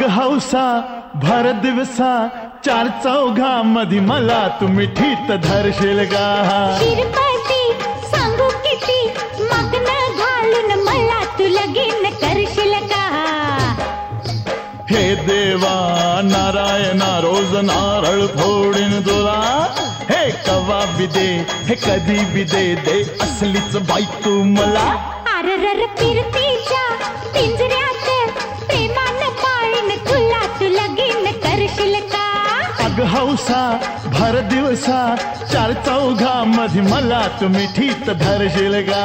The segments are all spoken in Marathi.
राग हौसा भर दिवसा चार चौघा मधी मला तुम्ही ठित धरशील गा सांगू किती मग्न घालून मला तू लगीन करशील का हे देवा नारायणा रोज नारळ फोडीन तुला हे कवा बिदे हे कधी बिदे दे असलीच बाई तू मला आर रर हौसा भर दिवसा चार चौघा मध्ये मला तुम्ही ठीत धरशील का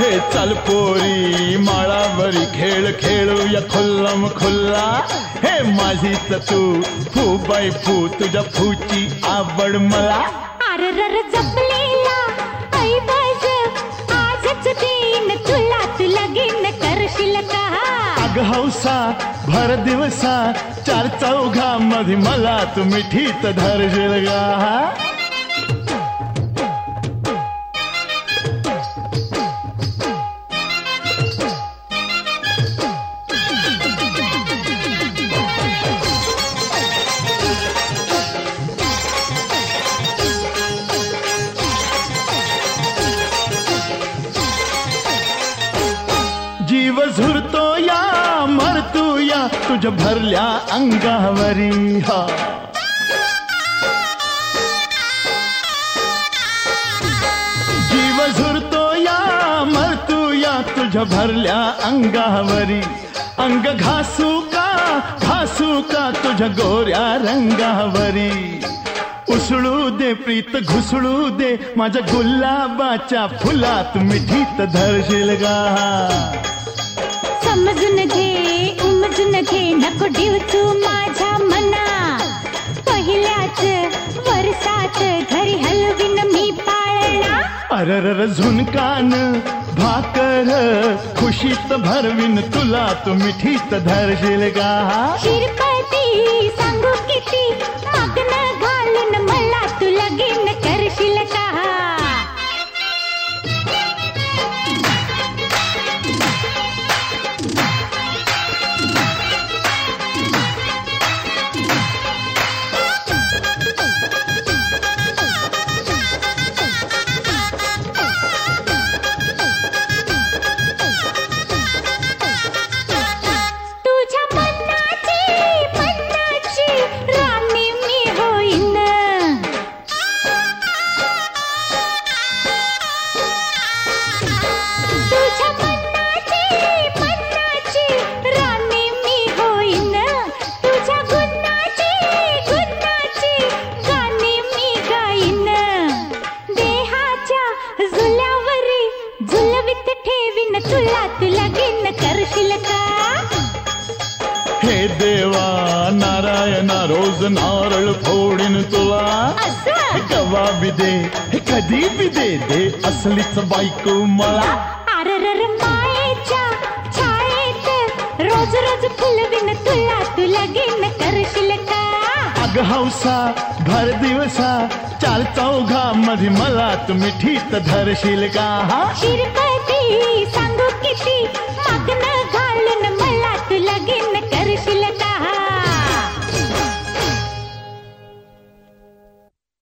हे चल पोरी माळावरी खेळ खेळूया खुल्लम खुल्ला हे माझी तू फू बाय फू तुझ्या फूची आवड मला आररर आजच का हौसा भर दिवसा चार चौघा मध्ये मला तुम्ही मिठीत धरशील का आज भरल्या अंगावरी हा जीव झुरतो या मरतो या तुझ भरल्या अंगावरी अंग घासू का घासू का तुझ्या गोऱ्या रंगावरी उसळू दे प्रीत घुसळू दे माझ्या गुलाबाच्या फुलात मिठीत धरशील गा समजून घे मध्ये नको देव तू मना पहिल्याच वर्षात घरी हलविन मी पाळणा अररर झुनकान भाकर खुशीत भरविन तुला तू मिठीत धरशील का हे देवा नारायणा रोज नारळ फोडीन तुला कवा बी दे कधी बी दे दे असलीच बायको मला मायेच्या छायेत रोज रोज फुलविन तुला तुला गेन करशील का अग हौसा भर दिवसा चाल चौघा मध्ये मला तुम्ही ठीत धरशील का हा शिरपती सांगू किती